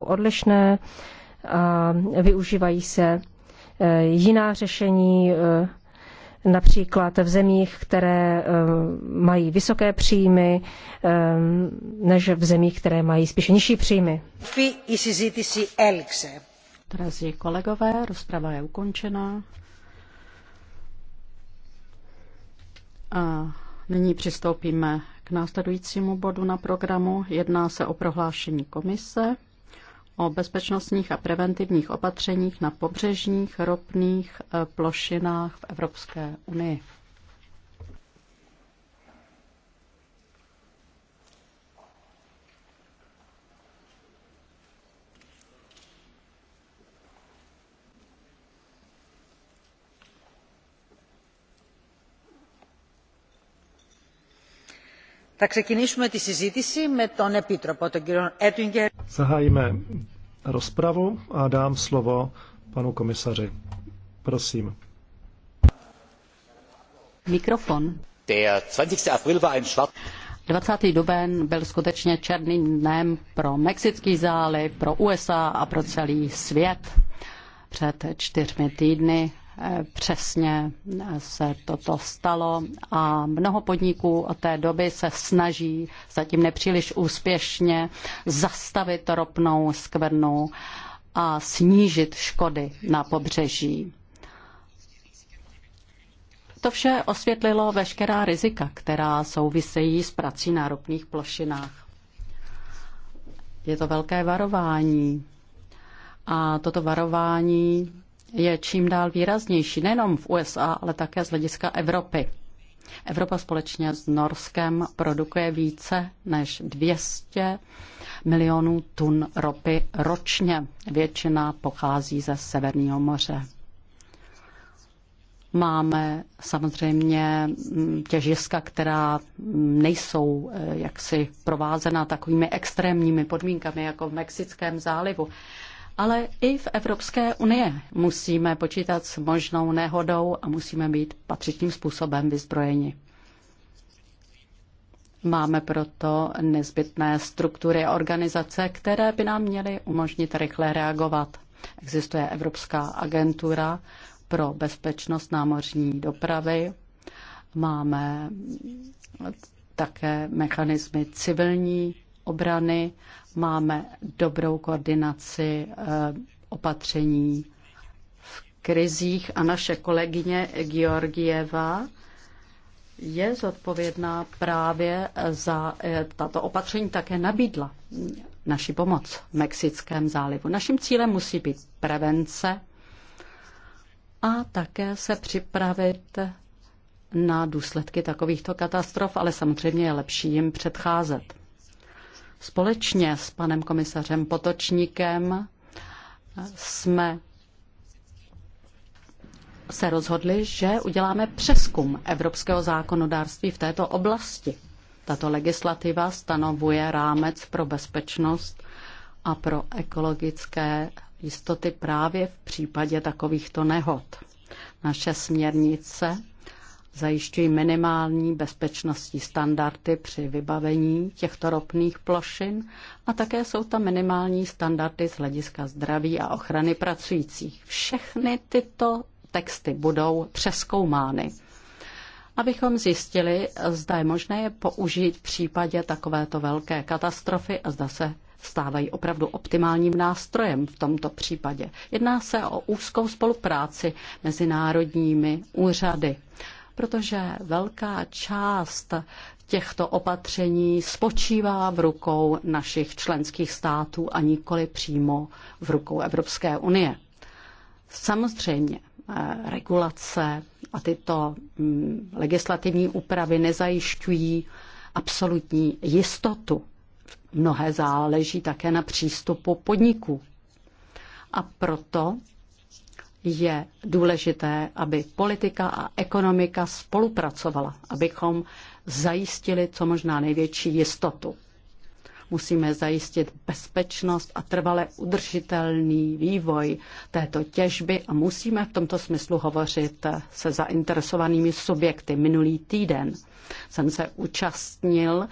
odlišné a využívají se e, jiná řešení, e, například v zemích, které e, mají vysoké příjmy, než v zemích, které mají spíše nižší příjmy. Drazí kolegové, rozprava je ukončena. A nyní přistoupíme k následujícímu bodu na programu. Jedná se o prohlášení komise o bezpečnostních a preventivních opatřeních na pobřežních ropných eh, plošinách v Evropské unii. Zahájíme rozpravu a dám slovo panu komisaři. Prosím. Mikrofon. 20. duben byl skutečně černým dnem pro Mexický záliv, pro USA a pro celý svět. Před čtyřmi týdny přesně se toto stalo a mnoho podniků od té doby se snaží, zatím nepříliš úspěšně, zastavit ropnou skvrnu a snížit škody na pobřeží. To vše osvětlilo veškerá rizika, která souvisejí s prací na ropných plošinách. Je to velké varování. A toto varování je čím dál výraznější, nejenom v USA, ale také z hlediska Evropy. Evropa společně s Norskem produkuje více než 200 milionů tun ropy ročně. Většina pochází ze Severního moře. Máme samozřejmě mm, těžiska, která nejsou eh, jaksi provázená takovými extrémními podmínkami jako v Mexickém zálivu, ale i v Evropské unie musíme počítat s možnou nehodou a musíme být patřičným způsobem vyzbrojeni. Máme proto nezbytné struktury a organizace, které by nám měly umožnit rychle reagovat. Existuje Evropská agentura pro bezpečnost námořní dopravy, máme také mechanismy civilní obrany, máme dobrou koordinaci eh, opatření v krizích a naše kolegyně Georgieva je zodpovědná právě za eh, tato opatření, také nabídla naši pomoc v Mexickém zálivu. Naším cílem musí být prevence a také se připravit na důsledky takovýchto katastrof, ale samozřejmě je lepší jim předcházet. Společně s panem komisařem Potočníkem jsme se rozhodli, že uděláme přeskum evropského zákonodárství v této oblasti. Tato legislativa stanovuje rámec pro bezpečnost a pro ekologické jistoty právě v případě takovýchto nehod. Naše směrnice zajišťují minimální bezpečnostní standardy při vybavení těchto ropných plošin a také jsou tam minimální standardy z hlediska zdraví a ochrany pracujících. Všechny tyto texty budou přeskoumány, abychom zjistili, zda je možné je použít v případě takovéto velké katastrofy a zda se stávají opravdu optimálním nástrojem v tomto případě. Jedná se o úzkou spolupráci mezi národními úřady protože velká část těchto opatření spočívá v rukou našich členských států a nikoli přímo v rukou Evropské unie. Samozřejmě eh, regulace a tyto mm, legislativní úpravy nezajišťují absolutní jistotu. Mnohé záleží také na přístupu podniků. A proto je důležité, aby politika a ekonomika spolupracovala, abychom zajistili co možná největší jistotu. Musíme zajistit bezpečnost a trvale udržitelný vývoj této těžby a musíme v tomto smyslu hovořit se zainteresovanými subjekty. Minulý týden jsem se účastnil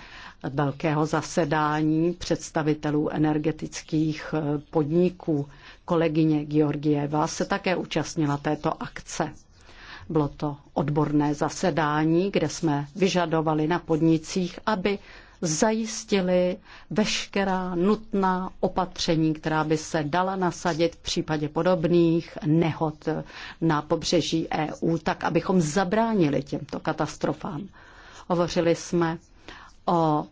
velkého zasedání představitelů energetických podniků. Kolegyně Georgieva se také účastnila této akce. Bylo to odborné zasedání, kde jsme vyžadovali na podnicích, aby zajistili veškerá nutná opatření, která by se dala nasadit v případě podobných nehod na pobřeží EU, tak abychom zabránili těmto katastrofám. Hovořili jsme o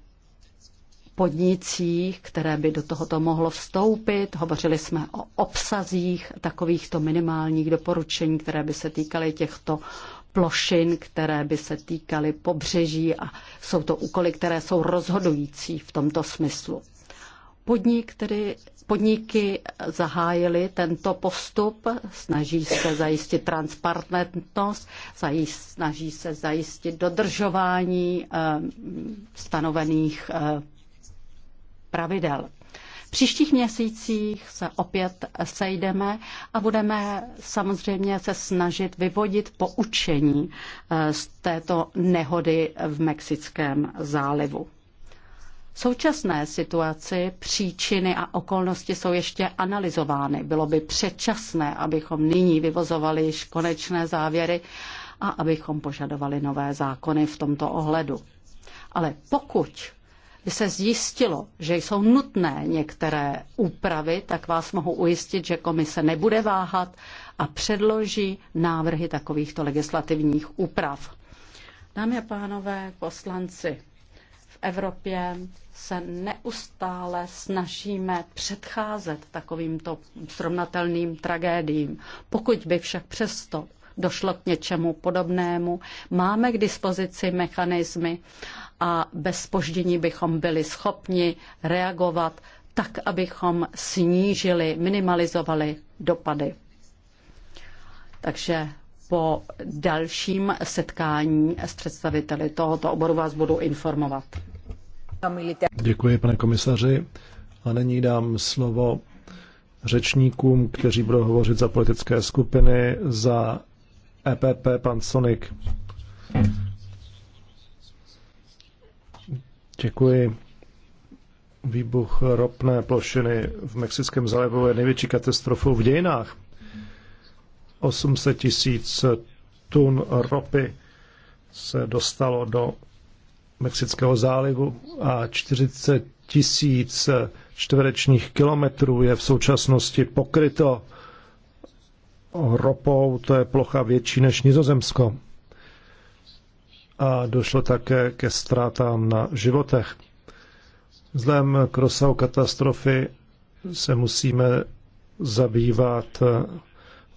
podnicích, které by do tohoto mohlo vstoupit. Hovořili jsme o obsazích takovýchto minimálních doporučení, které by se týkaly těchto plošin, které by se týkaly pobřeží a jsou to úkoly, které jsou rozhodující v tomto smyslu. Podnik, který podniky zahájily tento postup, snaží se zajistit transparentnost, snaží se zajistit dodržování eh, stanovených eh, pravidel. V příštích měsících se opět sejdeme a budeme samozřejmě se snažit vyvodit poučení eh, z této nehody v Mexickém zálivu současné situaci příčiny a okolnosti jsou ještě analyzovány. Bylo by předčasné, abychom nyní vyvozovali již konečné závěry a abychom požadovali nové zákony v tomto ohledu. Ale pokud by se zjistilo, že jsou nutné některé úpravy, tak vás mohu ujistit, že komise nebude váhat a předloží návrhy takovýchto legislativních úprav. Dámy a pánové, poslanci, v Evropě se neustále snažíme předcházet takovýmto srovnatelným tragédiím. Pokud by však přesto došlo k něčemu podobnému. Máme k dispozici mechanismy a bez spoždění bychom byli schopni reagovat tak, abychom snížili, minimalizovali dopady. Takže po dalším setkání s představiteli tohoto oboru vás budu informovat. Děkuji, pane komisaři. A nyní dám slovo řečníkům, kteří budou hovořit za politické skupiny, za EPP, pan Sonik. Děkuji. Výbuch ropné plošiny v Mexickém zálivu je největší katastrofou v dějinách. 800 tisíc tun ropy se dostalo do Mexického zálivu a 40 tisíc čtverečních kilometrů je v současnosti pokryto ropou, to je plocha větší než Nizozemsko a došlo také ke ztrátám na životech. Vzhledem k rozsahu katastrofy se musíme zabývat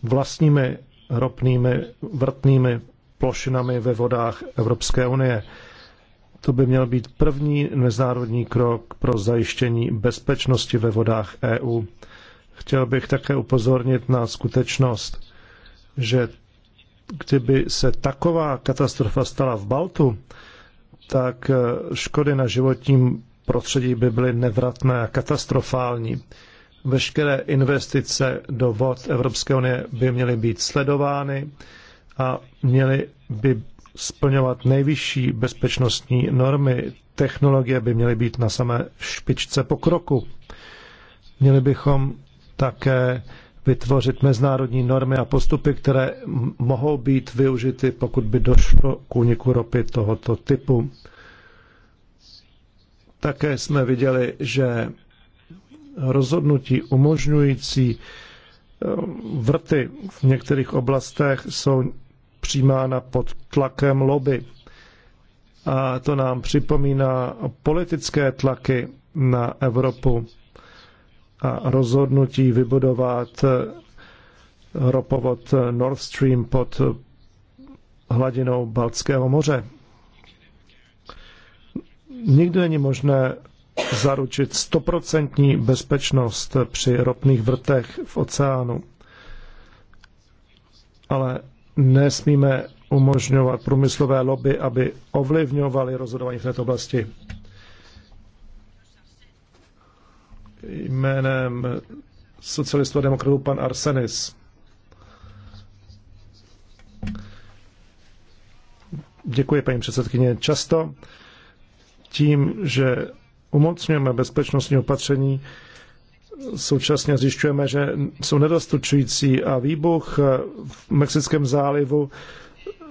vlastními ropnými vrtnými plošinami ve vodách Evropské unie. To by měl být první mezinárodní krok pro zajištění bezpečnosti ve vodách EU. Chtěl bych také upozornit na skutečnost, že kdyby se taková katastrofa stala v Baltu, tak eh, škody na životním prostředí by byly nevratné a katastrofální. Veškeré investice do vod Evropské unie by měly být sledovány a měly by splňovat nejvyšší bezpečnostní normy. Technologie by měly být na samé špičce pokroku. Měli bychom také vytvořit mezinárodní normy a postupy, které mohou být využity, pokud by došlo k úniku ropy tohoto typu. Také jsme viděli, že rozhodnutí umožňující eh, vrty v některých oblastech jsou přijímána pod tlakem lobby. A to nám připomíná politické tlaky na Evropu a rozhodnutí vybudovat eh, ropovod eh, Nord Stream pod eh, hladinou Baltského moře. Nikdy není možné zaručit stoprocentní bezpečnost při ropných vrtech v oceánu. Ale nesmíme umožňovat průmyslové lobby, aby ovlivňovali rozhodování v této oblasti. jménem socialistů a demokratů pan Arsenis. Děkuji, paní předsedkyně. Často tím, že umocňujeme bezpečnostní opatření, současně zjišťujeme, že jsou nedostučující a výbuch v Mexickém zálivu eh,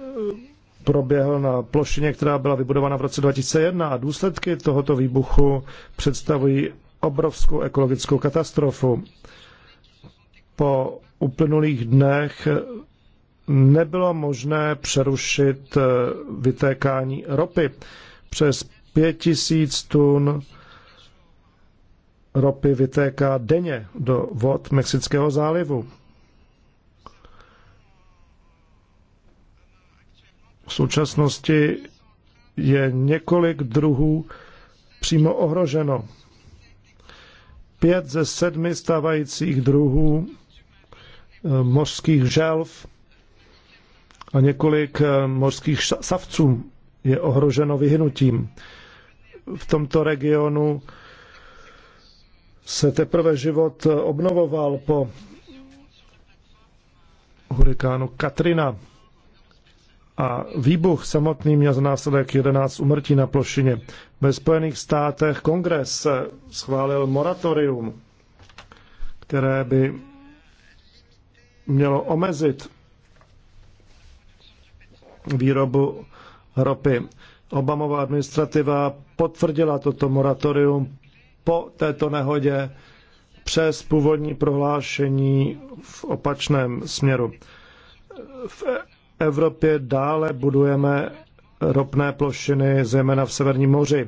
proběhl na plošině, která byla vybudována v roce 2001 a důsledky tohoto výbuchu představují obrovskou ekologickou katastrofu. Po uplynulých dnech nebylo možné přerušit eh, vytékání ropy. Přes 5000 tun ropy vytéká denně do vod Mexického zálivu. V současnosti je několik druhů přímo ohroženo pět ze sedmi stávajících druhů eh, mořských želv a několik eh, mořských savců je ohroženo vyhnutím. V tomto regionu se teprve život eh, obnovoval po hurikánu Katrina a výbuch samotný měl za následek 11 umrtí na plošině. Ve Spojených státech kongres schválil moratorium, které by mělo omezit výrobu ropy. Obamová administrativa potvrdila toto moratorium po této nehodě přes původní prohlášení v opačném směru. V Evropě dále budujeme ropné plošiny, zejména v Severním moři.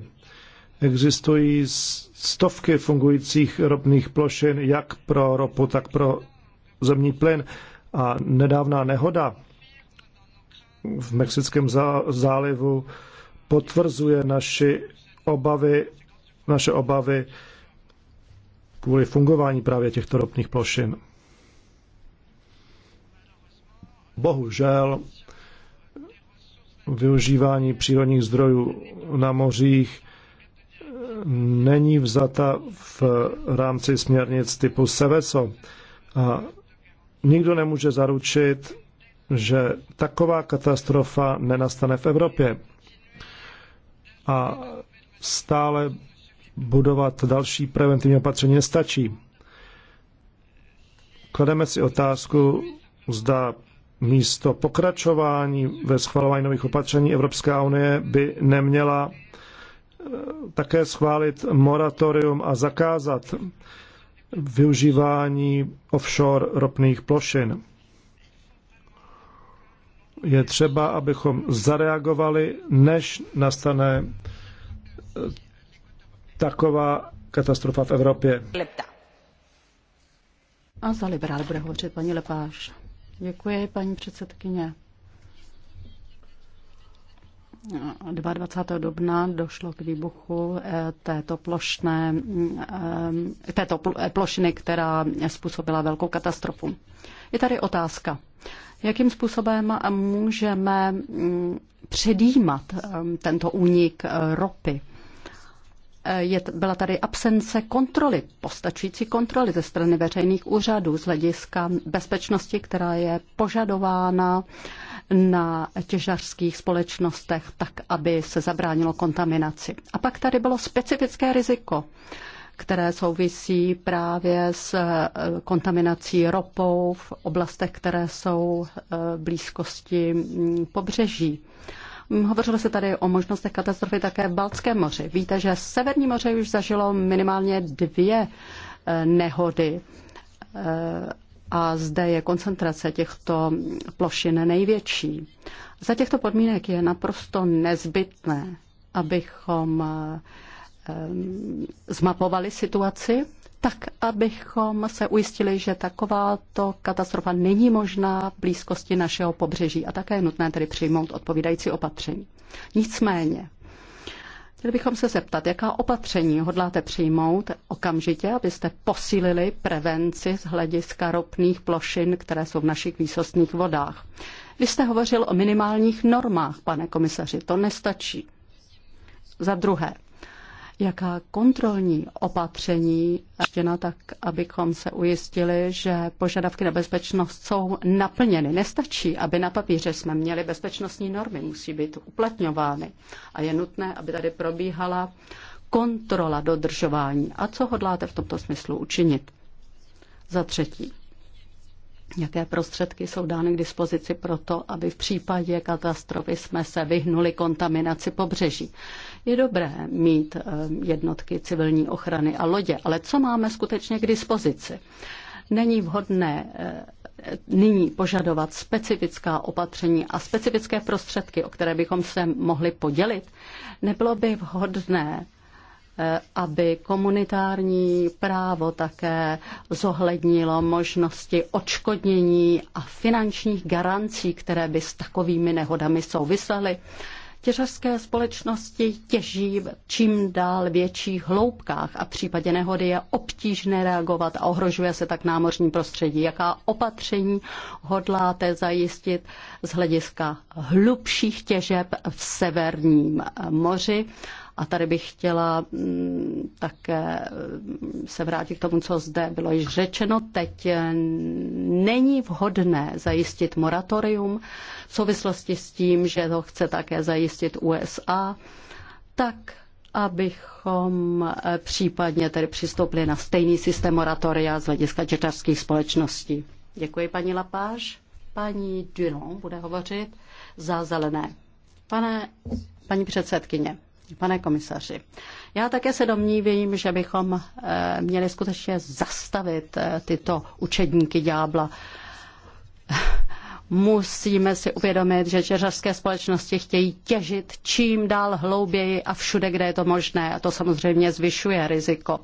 Existují stovky fungujících ropných plošin, jak pro ropu, tak pro zemní plyn. A nedávná nehoda v Mexickém zálivu potvrzuje naši obavy, naše obavy kvůli fungování právě těchto ropných plošin. Bohužel využívání přírodních zdrojů na mořích eh, není vzata v rámci směrnic typu Seveso. A nikdo nemůže zaručit, že taková katastrofa nenastane v Evropě. A stále budovat další preventivní opatření nestačí. Klademe si otázku, zda místo pokračování ve schvalování nových opatření Evropská unie by neměla eh, také schválit moratorium a zakázat využívání offshore ropných plošin. Je třeba, abychom zareagovali, než nastane eh, taková katastrofa v Evropě. A za liberál bude hovořit paní Lepáš. Děkuji, paní předsedkyně. 22. dubna došlo k výbuchu eh, této, plošné, eh, této eh, plošiny, která způsobila velkou katastrofu. Je tady otázka, jakým způsobem můžeme mm, předjímat tento únik ropy Eh, je, byla tady absence kontroly, postačující kontroly ze strany veřejných úřadů z hlediska bezpečnosti, která je požadována na těžařských společnostech, tak aby se zabránilo kontaminaci. A pak tady bylo specifické riziko, které souvisí právě s eh, kontaminací ropou v oblastech, které jsou eh, blízkosti mm, pobřeží. Hovořilo se tady o možnostech katastrofy také v Baltském moři. Víte, že Severní moře už zažilo minimálně dvě eh, nehody eh, a zde je koncentrace těchto plošin největší. Za těchto podmínek je naprosto nezbytné, abychom eh, zmapovali situaci tak abychom se ujistili, že takováto katastrofa není možná v blízkosti našeho pobřeží a také je nutné tedy přijmout odpovídající opatření. Nicméně, chtěli bychom se zeptat, jaká opatření hodláte přijmout okamžitě, abyste posílili prevenci z hlediska ropných plošin, které jsou v našich výsostných vodách. Vy jste hovořil o minimálních normách, pane komisaři, to nestačí. Za druhé, jaká kontrolní opatření ještěna tak abychom se ujistili, že požadavky na bezpečnost jsou naplněny. Nestačí, aby na papíře jsme měli bezpečnostní normy, musí být uplatňovány. A je nutné, aby tady probíhala kontrola dodržování. A co hodláte v tomto smyslu učinit? Za třetí jaké prostředky jsou dány k dispozici pro to, aby v případě katastrofy jsme se vyhnuli kontaminaci pobřeží. Je dobré mít eh, jednotky civilní ochrany a lodě, ale co máme skutečně k dispozici? Není vhodné eh, nyní požadovat specifická opatření a specifické prostředky, o které bychom se mohli podělit, nebylo by vhodné Eh, aby komunitární právo také zohlednilo možnosti odškodnění a finančních garancí, které by s takovými nehodami souvisely. Těžařské společnosti těží v čím dál větších hloubkách a v případě nehody je obtížné reagovat a ohrožuje se tak námořní prostředí. Jaká opatření hodláte zajistit z hlediska hlubších těžeb v severním moři? A tady bych chtěla mm, také mm, se vrátit k tomu, co zde bylo již řečeno. Teď eh, není vhodné zajistit moratorium v souvislosti s tím, že to chce také zajistit USA, tak abychom eh, případně tedy přistoupili na stejný systém moratoria z hlediska četařských společností. Děkuji, paní Lapáš. Paní Dunon bude hovořit za zelené. Pane, paní předsedkyně, Pane komisaři, já také se domnívím, že bychom eh, měli skutečně zastavit eh, tyto učedníky ďábla. Musíme si uvědomit, že čeřařské společnosti chtějí těžit čím dál hlouběji a všude, kde je to možné. A to samozřejmě zvyšuje riziko.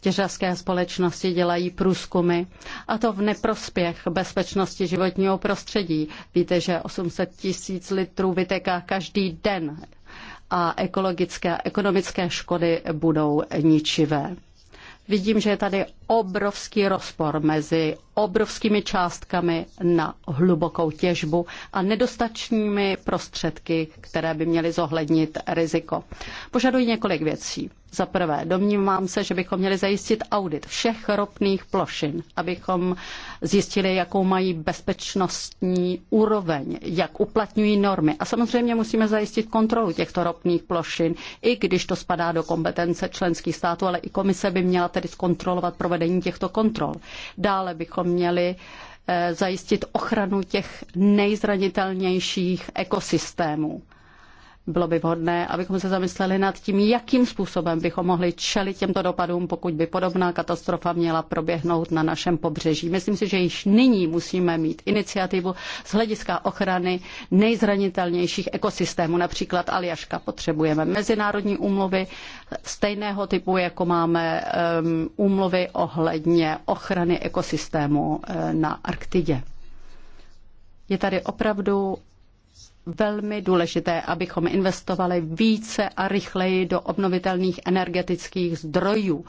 Těžařské společnosti dělají průzkumy a to v neprospěch bezpečnosti životního prostředí. Víte, že 800 tisíc litrů vyteká každý den a ekologické a ekonomické škody budou ničivé. Vidím, že je tady obrovský rozpor mezi obrovskými částkami na hlubokou těžbu a nedostačními prostředky, které by měly zohlednit riziko. Požaduji několik věcí. Za prvé, domnívám se, že bychom měli zajistit audit všech ropných plošin, abychom zjistili, jakou mají bezpečnostní úroveň, jak uplatňují normy. A samozřejmě musíme zajistit kontrolu těchto ropných plošin, i když to spadá do kompetence členských států, ale i komise by měla tedy zkontrolovat provedení těchto kontrol. Dále bychom měli eh, zajistit ochranu těch nejzranitelnějších ekosystémů. Bylo by vhodné, abychom se zamysleli nad tím, jakým způsobem bychom mohli čelit těmto dopadům, pokud by podobná katastrofa měla proběhnout na našem pobřeží. Myslím si, že již nyní musíme mít iniciativu z hlediska ochrany nejzranitelnějších ekosystémů, například Aljaška. Potřebujeme mezinárodní úmluvy stejného typu, jako máme um, úmluvy ohledně ochrany ekosystému eh, na Arktidě. Je tady opravdu velmi důležité, abychom investovali více a rychleji do obnovitelných energetických zdrojů.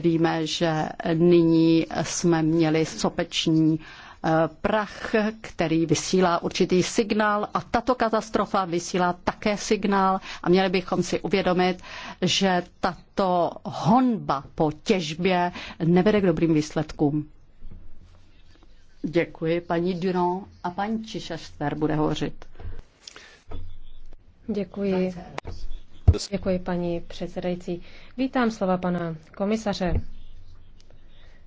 Víme, že nyní jsme měli sopeční eh, prach, který vysílá určitý signál a tato katastrofa vysílá také signál a měli bychom si uvědomit, že tato honba po těžbě nevede k dobrým výsledkům. Děkuji, paní Durand a paní Čišastver bude hovořit. Děkuji. Děkuji, paní předsedající. Vítám slova pana komisaře.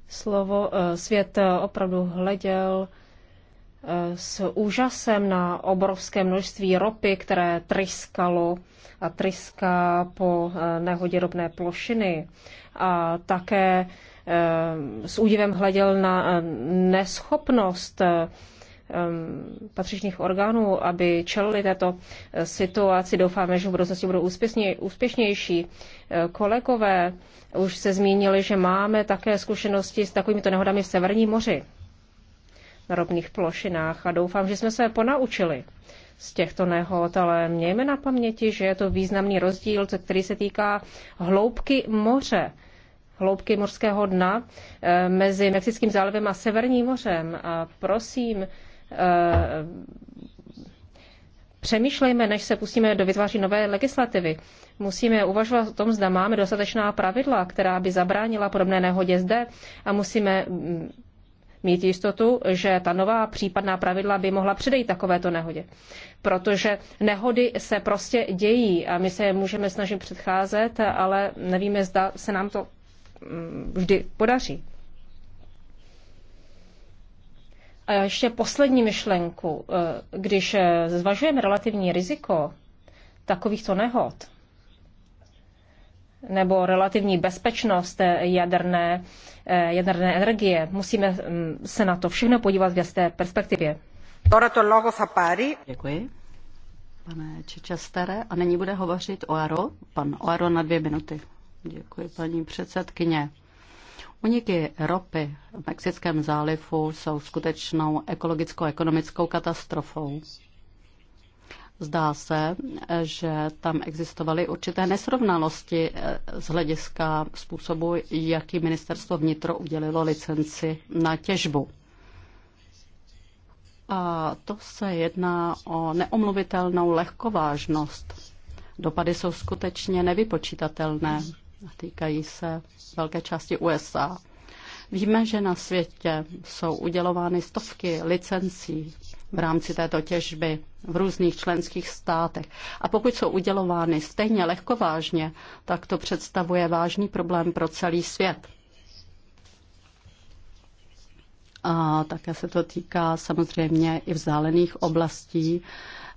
Slovo eh, svět eh, opravdu hleděl eh, s úžasem na obrovské množství ropy, které tryskalo a tryská po nehodě ropné plošiny. A také s údivem hleděl na neschopnost Um, patřičných orgánů, aby čelili této eh, situaci. Doufáme, že v budoucnosti budou úspěšně, úspěšnější. Eh, kolegové už se zmínili, že máme také zkušenosti s takovými nehodami v Severní moři na ropných plošinách a doufám, že jsme se ponaučili z těchto nehod, ale mějme na paměti, že je to významný rozdíl, který se týká hloubky moře hloubky mořského dna eh, mezi Mexickým zálivem a Severním mořem. A prosím, Eh, přemýšlejme, než se pustíme do vytváření nové legislativy. Musíme uvažovat o tom, zda máme dostatečná pravidla, která by zabránila podobné nehodě zde a musíme mm, mít jistotu, že ta nová případná pravidla by mohla předejít takovéto nehodě. Protože nehody se prostě dějí a my se můžeme snažit předcházet, ale nevíme, zda se nám to mm, vždy podaří. A ještě poslední myšlenku. Eh, když eh, zvažujeme relativní riziko takovýchto nehod, nebo relativní bezpečnost eh, jaderné, jaderné energie. Musíme mm, se na to všechno podívat v jasné perspektivě. Děkuji, pane Čečestere. A nyní bude hovořit Oaro. Pan Oaro na dvě minuty. Děkuji, paní předsedkyně. Uniky ropy v Mexickém zálivu jsou skutečnou ekologickou ekonomickou katastrofou. Zdá se, že tam existovaly určité nesrovnalosti eh, z hlediska způsobu, jaký ministerstvo vnitro udělilo licenci na těžbu. A to se jedná o neomluvitelnou lehkovážnost. Dopady jsou skutečně nevypočítatelné týkají se velké části USA. Víme, že na světě jsou udělovány stovky licencí v rámci této těžby v různých členských státech. A pokud jsou udělovány stejně lehkovážně, tak to představuje vážný problém pro celý svět. A také se to týká samozřejmě i vzdálených oblastí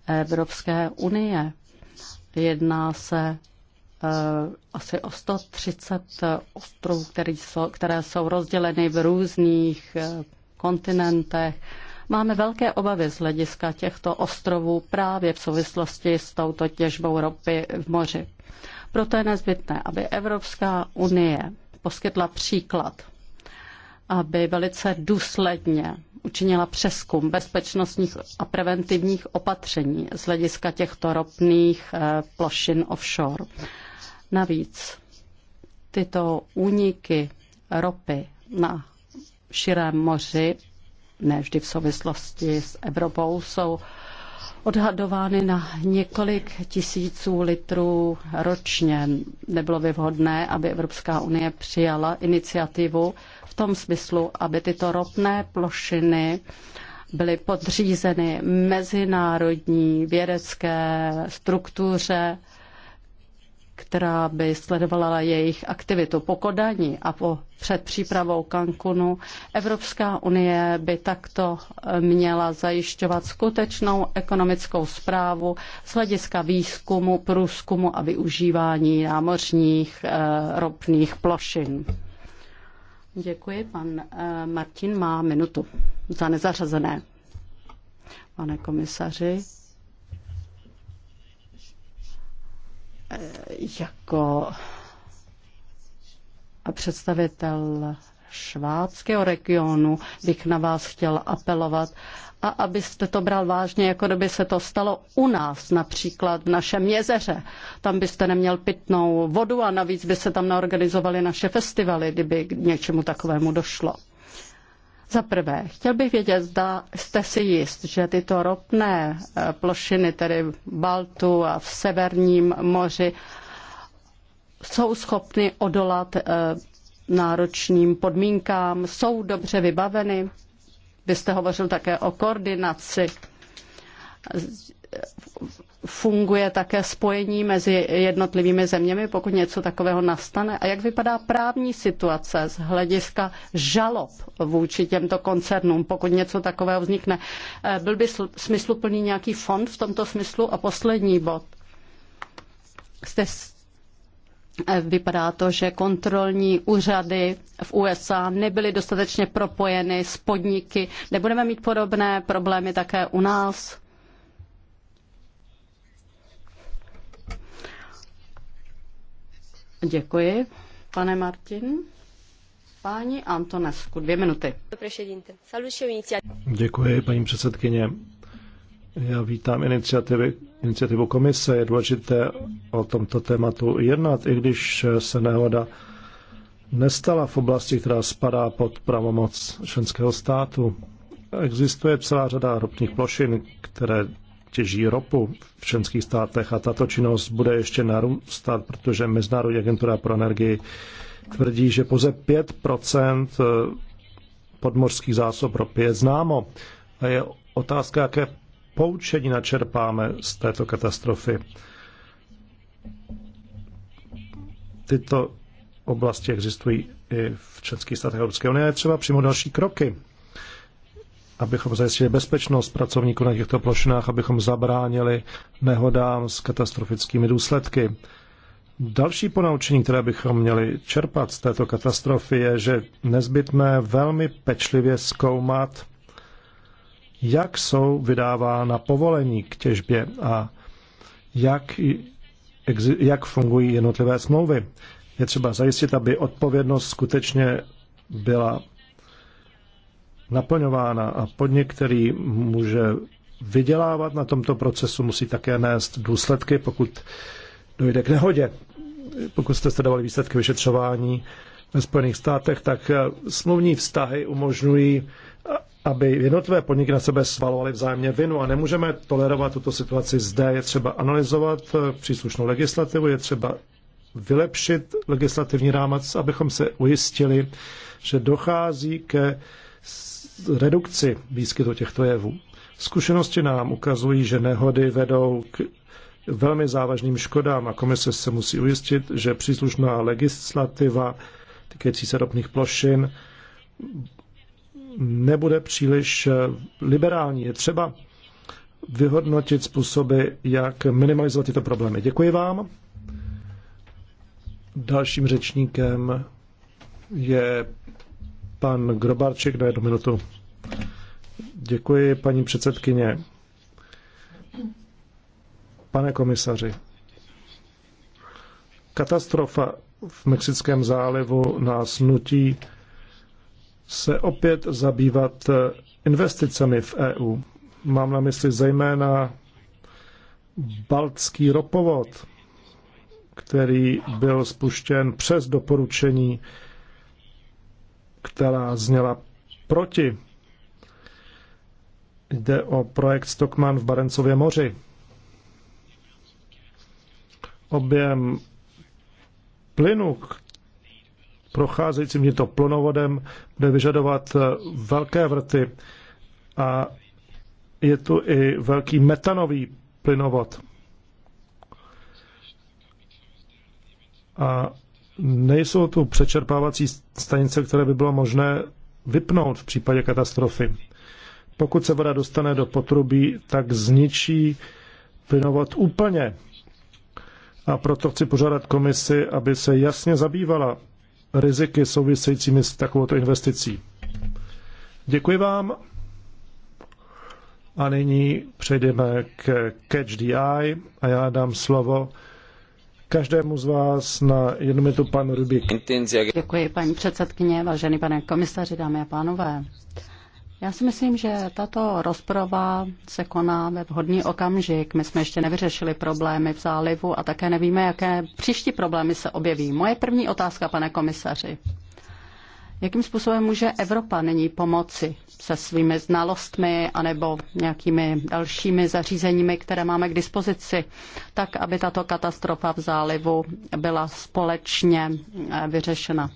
Evropské unie. Jedná se Eh, asi o 130 ostrovů, které jsou, rozděleny v různých eh, kontinentech. Máme velké obavy z hlediska těchto ostrovů právě v souvislosti s touto těžbou ropy v moři. Proto je nezbytné, aby Evropská unie poskytla příklad, aby velice důsledně učinila přeskum bezpečnostních a preventivních opatření z hlediska těchto ropných eh, plošin offshore. Navíc tyto úniky ropy na širém moři, ne vždy v souvislosti s Evropou, jsou odhadovány na několik tisíců litrů ročně. Nebylo by vhodné, aby Evropská unie přijala iniciativu v tom smyslu, aby tyto ropné plošiny byly podřízeny mezinárodní vědecké struktuře která by sledovala jejich aktivitu po Kodani a po před přípravou Cancunu. Evropská unie by takto eh, měla zajišťovat skutečnou ekonomickou zprávu z hlediska výzkumu, průzkumu a využívání námořních eh, ropných plošin. Děkuji. Pan eh, Martin má minutu za nezařazené. Pane komisaři. jako představitel švábského regionu bych na vás chtěl apelovat a abyste to bral vážně, jako kdyby se to stalo u nás, například v našem jezeře. Tam byste neměl pitnou vodu a navíc by se tam naorganizovaly naše festivaly, kdyby k něčemu takovému došlo. Za prvé, chtěl bych vědět, zda jste si jist, že tyto ropné eh, plošiny, tedy v Baltu a v Severním moři, jsou schopny odolat eh, náročným podmínkám, jsou dobře vybaveny. Vy jste hovořil také o koordinaci funguje také spojení mezi jednotlivými zeměmi, pokud něco takového nastane? A jak vypadá právní situace z hlediska žalob vůči těmto koncernům, pokud něco takového vznikne? Eh, byl by smysluplný nějaký fond v tomto smyslu? A poslední bod. Jste eh, Vypadá to, že kontrolní úřady v USA nebyly dostatečně propojeny s podniky. Nebudeme mít podobné problémy také u nás? Děkuji, pane Martin. Páni Antonesku, dvě minuty. Děkuji, paní předsedkyně. Já vítám iniciativy, iniciativu komise. Je důležité o tomto tématu jednat, i když se nehoda nestala v oblasti, která spadá pod pravomoc členského státu. Existuje celá řada ropných plošin, které těží ropu v členských státech a tato činnost bude ještě narůstat, protože Mezinárodní agentura pro energii tvrdí, že pouze 5 eh, podmořských zásob ropy je známo. A je otázka, jaké poučení načerpáme z této katastrofy. Tyto oblasti existují i v českých státech Evropské unie. Je třeba přímo další kroky abychom zajistili bezpečnost pracovníků na těchto plošinách, abychom zabránili nehodám s katastrofickými důsledky. Další ponaučení, které bychom měli čerpat z této katastrofy, je, že nezbytné velmi pečlivě zkoumat, jak jsou vydávána povolení k těžbě a jak, jak fungují jednotlivé smlouvy. Je třeba zajistit, aby odpovědnost skutečně byla naplňována a podnik, který může vydělávat na tomto procesu, musí také nést důsledky, pokud dojde k nehodě. Pokud jste sledovali výsledky vyšetřování ve Spojených státech, tak eh, smluvní vztahy umožňují, eh, aby jednotlivé podniky na sebe svalovaly vzájemně vinu a nemůžeme tolerovat tuto situaci zde. Je třeba analyzovat eh, příslušnou legislativu, je třeba vylepšit legislativní rámec, abychom se ujistili, že dochází ke redukci výskytu těchto jevů. Zkušenosti nám ukazují, že nehody vedou k velmi závažným škodám a komise se musí ujistit, že příslušná legislativa týkající se ropných plošin nebude příliš eh, liberální. Je třeba vyhodnotit způsoby, jak minimalizovat tyto problémy. Děkuji vám. Dalším řečníkem je Pan Grobarček na jednu minutu. Děkuji, paní předsedkyně. Pane komisaři, katastrofa v Mexickém zálivu nás nutí se opět zabývat investicemi v EU. Mám na mysli zejména baltský ropovod, který byl spuštěn přes doporučení která zněla proti. Jde o projekt Stockman v Barencově moři. Objem plynu procházejícím tímto plnovodem bude vyžadovat eh, velké vrty a je tu i velký metanový plynovod. A nejsou tu přečerpávací stanice, které by bylo možné vypnout v případě katastrofy. Pokud se voda dostane do potrubí, tak zničí plynovod úplně. A proto chci požádat komisi, aby se jasně zabývala riziky souvisejícími s takovouto investicí. Děkuji vám. A nyní přejdeme k Catch the Eye a já dám slovo každému z vás na jednu minutu pan Rubik. Děkuji paní předsedkyně, vážený pane komisaři, dámy a pánové. Já si myslím, že tato rozprava se koná ve vhodný okamžik. My jsme ještě nevyřešili problémy v zálivu a také nevíme, jaké příští problémy se objeví. Moje první otázka, pane komisaři. Jakým způsobem může Evropa nyní pomoci se svými znalostmi anebo nějakými dalšími zařízeními, které máme k dispozici, tak aby tato katastrofa v zálivu byla společně eh, vyřešena?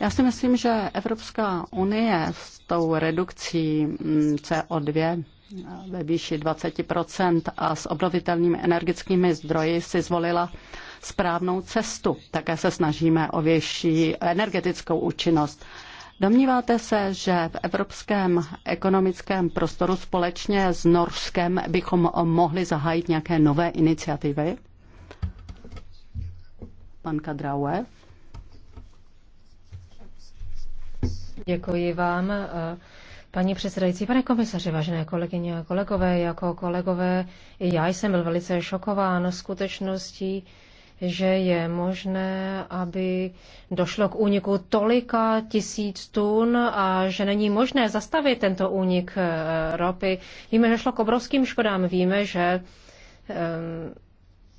Já si myslím, že Evropská unie s tou redukcí mm, CO2 ve výši 20 a s obnovitelnými energetickými zdroji si zvolila správnou cestu. Také se snažíme o větší energetickou účinnost. Domníváte se, že v evropském ekonomickém prostoru společně s Norskem bychom mohli zahájit nějaké nové iniciativy? Pan Kadraue. Děkuji vám. Paní předsedající, pane komisaři, vážené kolegyně a kolegové, jako kolegové, i já jsem byl velice šokován skutečností, že je možné, aby došlo k úniku tolika tisíc tun a že není možné zastavit tento únik eh, ropy. Víme, že šlo k obrovským škodám, víme, že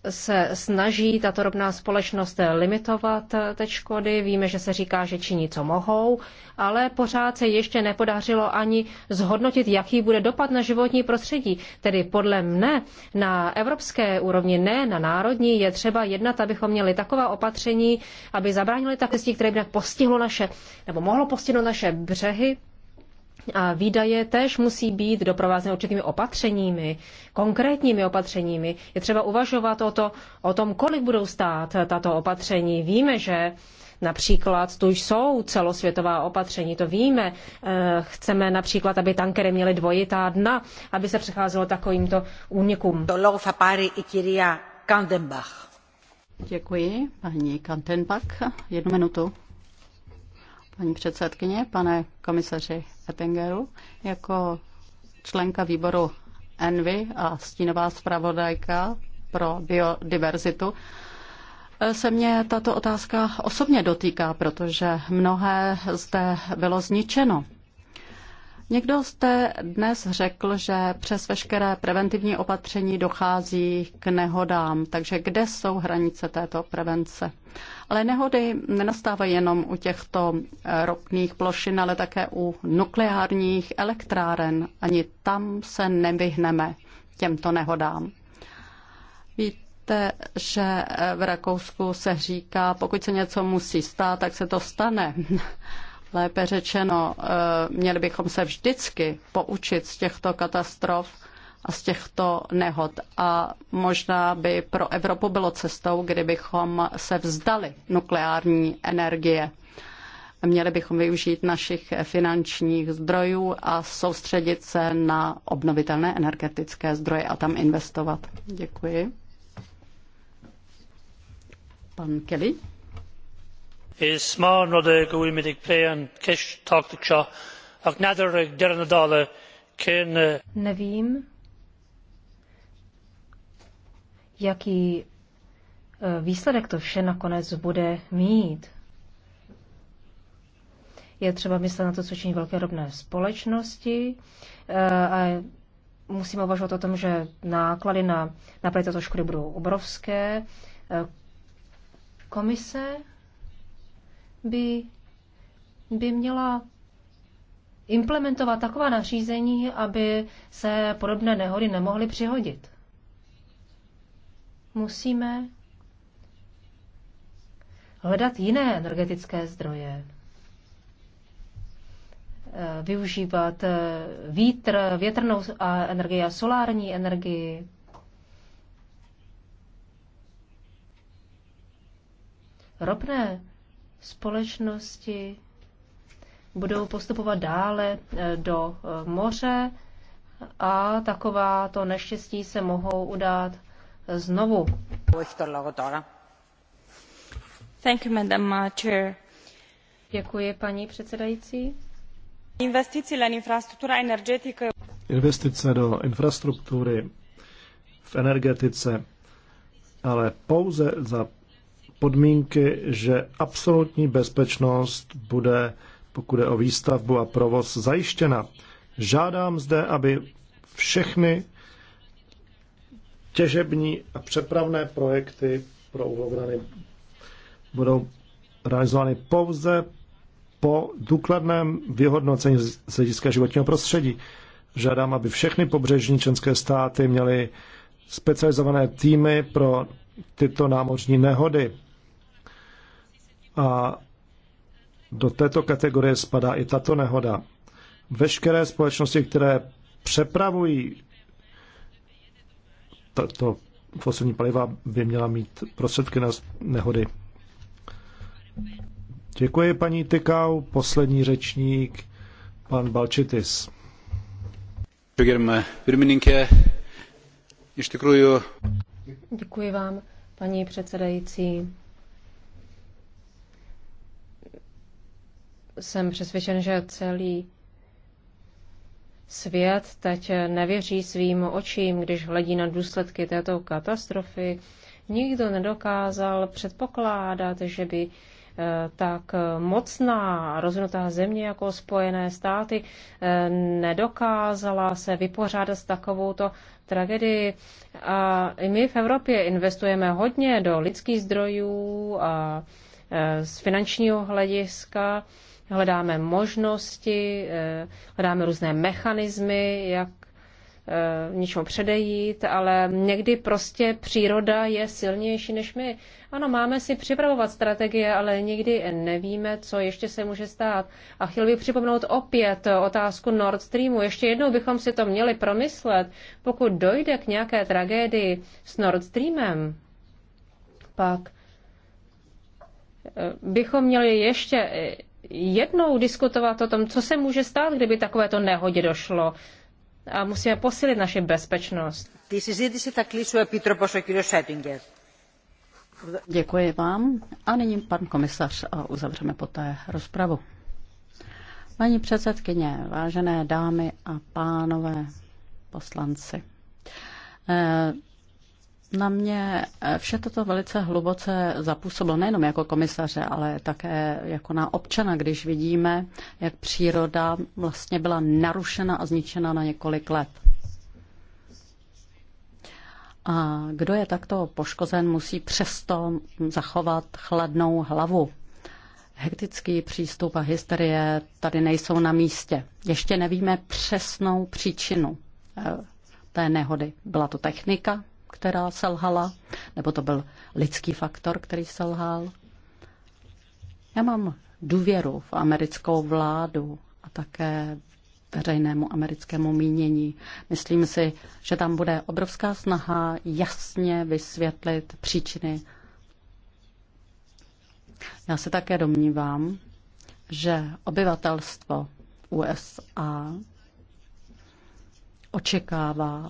se snaží tato ropná společnost limitovat teď škody. Víme, že se říká, že činí, co mohou, ale pořád se ještě nepodařilo ani zhodnotit, jaký bude dopad na životní prostředí. Tedy podle mne na evropské úrovni, ne na národní, je třeba jednat, abychom měli taková opatření, aby zabránili takové které by postihlo naše, nebo mohlo postihnout naše břehy, a výdaje též musí být doprovázeny určitými opatřeními, konkrétními opatřeními. Je třeba uvažovat o, to, o tom, kolik budou stát tato opatření. Víme, že Například tu jsou celosvětová opatření, to víme. Eh, chceme například, aby tankery měly dvojitá dna, aby se přecházelo takovýmto únikům. Děkuji, paní Kantenbach. Jednu minutu paní předsedkyně, pane komisaři Ettingeru. Jako členka výboru Envy a stínová zpravodajka pro biodiverzitu se mě tato otázka osobně dotýká, protože mnohé zde bylo zničeno. Někdo jste dnes řekl, že přes veškeré preventivní opatření dochází k nehodám, takže kde jsou hranice této prevence? Ale nehody nenastávají jenom u těchto eh, ropných plošin, ale také u nukleárních elektráren. Ani tam se nevyhneme těmto nehodám. Víte, že eh, v Rakousku se říká, pokud se něco musí stát, tak se to stane. Lépe řečeno, eh, měli bychom se vždycky poučit z těchto katastrof a z těchto nehod. A možná by pro Evropu bylo cestou, kdybychom se vzdali nukleární energie. Měli bychom využít našich finančních zdrojů a soustředit se na obnovitelné energetické zdroje a tam investovat. Děkuji. Pan Kelly is mar no de go bhfuil midig pléan tábhachtach seo ach neadar ag deireadh na dála cén. Eh, Nevím, jaký eh, výsledek to vše nakonec bude mít. Je třeba myslet na to, co činí velké rovné společnosti eh, a musíme uvažovat o tom, že náklady na na této škody budou obrovské. Komise by, by měla implementovat taková nařízení, aby se podobné nehody nemohly přihodit. Musíme hledat jiné energetické zdroje, eh, využívat eh, vítr, větrnou energii a solární energii. Ropné společnosti budou postupovat dále eh, do eh, moře a taková to neštěstí se mohou udát eh, znovu. Thank you, Madam uh, Chair. Děkuji, paní předsedající. Investice do infrastruktura energetika. Investice do infrastruktury v energetice, ale pouze za podmínky, že absolutní bezpečnost bude, pokud je o výstavbu a provoz, zajištěna. Žádám zde, aby všechny těžební a přepravné projekty pro uhlovrany budou realizovány pouze po důkladném vyhodnocení z hlediska životního prostředí. Žádám, aby všechny pobřežní členské státy měly specializované týmy pro tyto námořní nehody. A do této kategorie spadá i tato nehoda. Veškeré společnosti, které přepravují tato fosilní paliva, by měla mít prostředky na nehody. Děkuji paní Tykau. Poslední řečník, pan Balčitis. Děkuji vám, paní předsedající. jsem přesvědčen, že celý svět teď nevěří svým očím, když hledí na důsledky této katastrofy. Nikdo nedokázal předpokládat, že by eh, tak mocná a rozvinutá země jako Spojené státy eh, nedokázala se vypořádat s takovouto tragedii. A my v Evropě investujeme hodně do lidských zdrojů a eh, z finančního hlediska hledáme možnosti, eh, hledáme různé mechanismy, jak eh, ničemu předejít, ale někdy prostě příroda je silnější než my. Ano, máme si připravovat strategie, ale nikdy nevíme, co ještě se může stát. A chtěl bych připomenout opět otázku Nord Streamu. Ještě jednou bychom si to měli promyslet. Pokud dojde k nějaké tragédii s Nord Streamem, pak eh, bychom měli ještě jednou diskutovat o tom, co se může stát, kdyby takovéto nehodě došlo. A musíme posilit naši bezpečnost. Děkuji vám. A nyní pan komisař a uzavřeme poté rozpravu. Paní předsedkyně, vážené dámy a pánové poslanci. Eh, na mě eh, vše toto velice hluboce zapůsobilo, nejenom jako komisaře, ale také jako na občana, když vidíme, jak příroda vlastně byla narušena a zničena na několik let. A kdo je takto poškozen, musí přesto zachovat chladnou hlavu. Hektický přístup a hysterie tady nejsou na místě. Ještě nevíme přesnou příčinu eh, té nehody. Byla to technika, která selhala, nebo to byl lidský faktor, který selhal. Já mám důvěru v americkou vládu a také veřejnému americkému mínění. Myslím si, že tam bude obrovská snaha jasně vysvětlit příčiny. Já se také domnívám, že obyvatelstvo USA očekává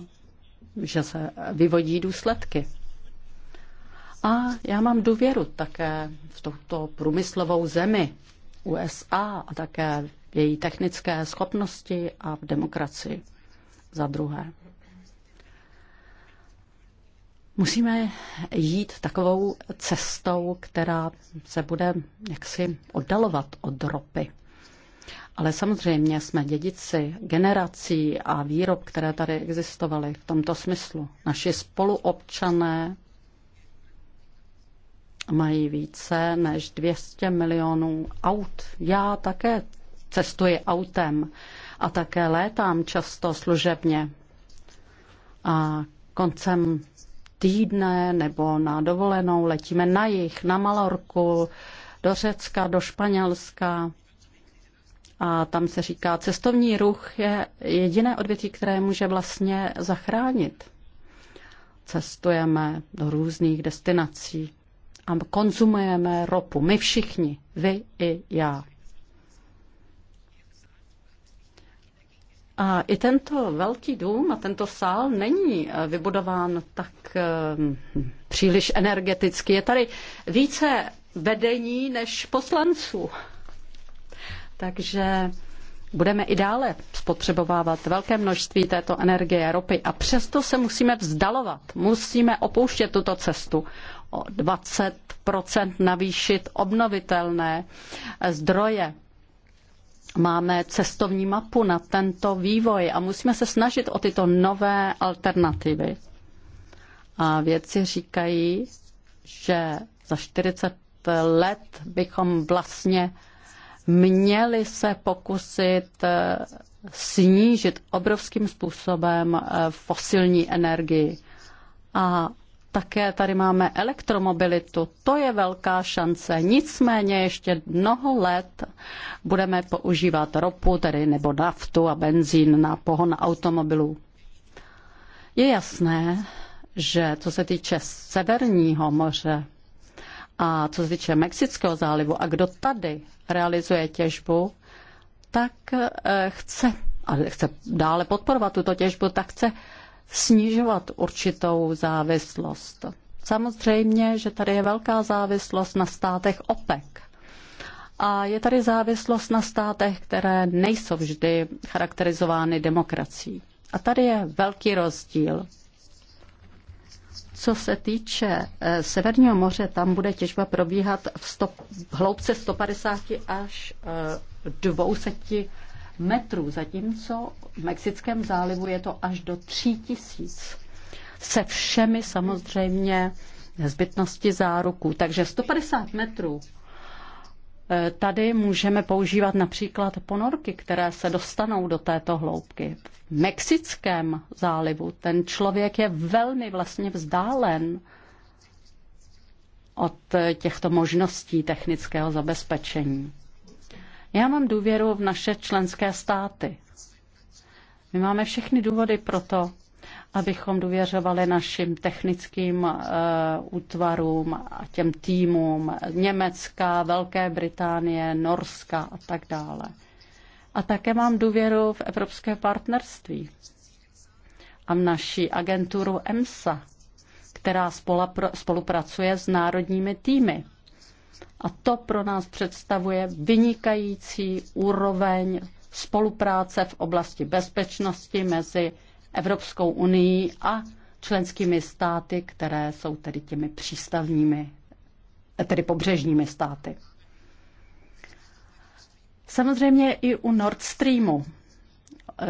že se vyvodí důsledky. A já mám důvěru také v touto průmyslovou zemi USA a také v její technické schopnosti a v demokracii. Za druhé, musíme jít takovou cestou, která se bude jaksi oddalovat od ropy. Ale samozřejmě jsme dědici generací a výrob, které tady existovaly v tomto smyslu. Naši spoluobčané mají více než 200 milionů aut. Já také cestuji autem a také létám často služebně. A koncem týdne nebo na dovolenou letíme na jich, na Malorku, do Řecka, do Španělska a tam se říká, cestovní ruch je jediné odvětví, které může vlastně zachránit. Cestujeme do různých destinací a konzumujeme ropu. My všichni, vy i já. A i tento velký dům a tento sál není eh, vybudován tak eh, příliš energeticky. Je tady více vedení než poslanců takže budeme i dále spotřebovávat velké množství této energie ropy a přesto se musíme vzdalovat, musíme opouštět tuto cestu o 20 navýšit obnovitelné zdroje. Máme cestovní mapu na tento vývoj a musíme se snažit o tyto nové alternativy. A vědci říkají, že za 40 let bychom vlastně Měli se pokusit eh, snížit obrovským způsobem eh, fosilní energii. A také tady máme elektromobilitu. To je velká šance. Nicméně ještě mnoho let budeme používat ropu, tedy nebo naftu a benzín na pohon automobilů. Je jasné, že co se týče Severního moře a co se týče Mexického zálivu a kdo tady realizuje těžbu, tak eh, chce, a chce dále podporovat tuto těžbu, tak chce snižovat určitou závislost. Samozřejmě, že tady je velká závislost na státech OPEC. A je tady závislost na státech, které nejsou vždy charakterizovány demokracií. A tady je velký rozdíl. Co se týče eh, Severního moře, tam bude těžba probíhat v, stop, v hloubce 150 až 200 eh, metrů, zatímco v Mexickém zálivu je to až do 3000. Se všemi samozřejmě zbytnosti záruků. Takže 150 metrů Eh, tady můžeme používat například ponorky, které se dostanou do této hloubky. V Mexickém zálivu ten člověk je velmi vlastně vzdálen od eh, těchto možností technického zabezpečení. Já mám důvěru v naše členské státy. My máme všechny důvody pro to, abychom důvěřovali našim technickým eh, útvarům a těm týmům Německa, Velké Británie, Norska a tak dále. A také mám důvěru v Evropské partnerství a v naší agenturu EMSA, která spolupracuje s národními týmy. A to pro nás představuje vynikající úroveň spolupráce v oblasti bezpečnosti mezi Evropskou unii a členskými státy, které jsou tedy těmi přístavními, tedy pobřežními státy. Samozřejmě i u Nord Streamu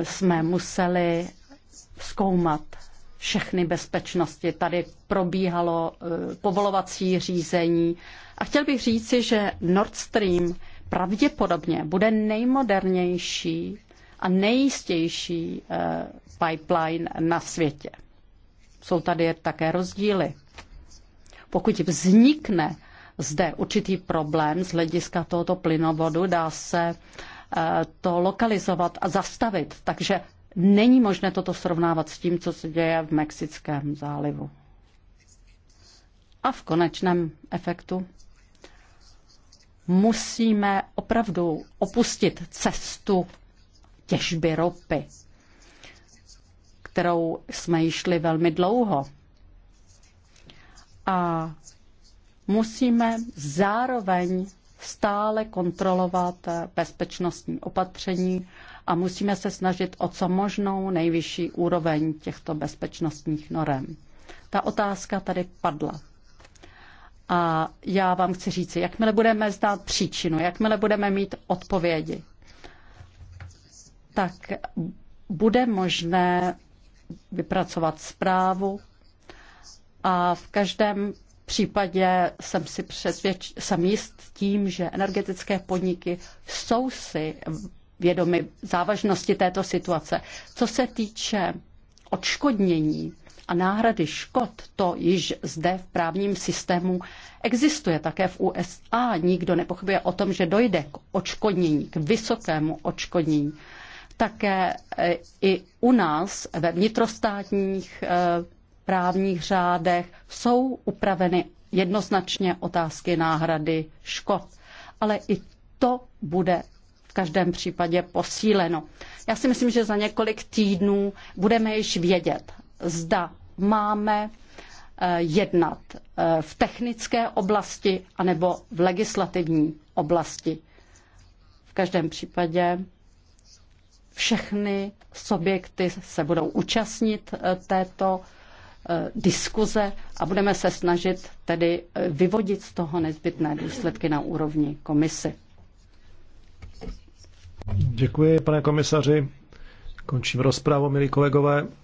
jsme museli zkoumat všechny bezpečnosti. Tady probíhalo eh, povolovací řízení. A chtěl bych říci, že Nord Stream pravděpodobně bude nejmodernější a nejistější eh, pipeline na světě. Jsou tady také rozdíly. Pokud vznikne zde určitý problém z hlediska tohoto plynovodu, dá se eh, to lokalizovat a zastavit. Takže není možné toto srovnávat s tím, co se děje v Mexickém zálivu. A v konečném efektu musíme opravdu opustit cestu těžby ropy kterou jsme ji šli velmi dlouho. A musíme zároveň stále kontrolovat bezpečnostní opatření a musíme se snažit o co možnou nejvyšší úroveň těchto bezpečnostních norem. Ta otázka tady padla. A já vám chci říci, jakmile budeme zdát příčinu, jakmile budeme mít odpovědi, tak bude možné vypracovat zprávu a v každém případě jsem si přesvědč, jsem jist tím, že energetické podniky jsou si vědomi závažnosti této situace. Co se týče odškodnění a náhrady škod, to již zde v právním systému existuje také v USA. Nikdo nepochybuje o tom, že dojde k odškodnění, k vysokému odškodnění. Také e, i u nás ve vnitrostátních e, právních řádech jsou upraveny jednoznačně otázky náhrady škod. Ale i to bude v každém případě posíleno. Já si myslím, že za několik týdnů budeme již vědět, zda máme e, jednat v technické oblasti anebo v legislativní oblasti. V každém případě všechny subjekty se budou účastnit eh, této eh, diskuze a budeme se snažit tedy eh, vyvodit z toho nezbytné důsledky na úrovni komisy. Děkuji, pane komisaři. Končím rozprávu, milí kolegové.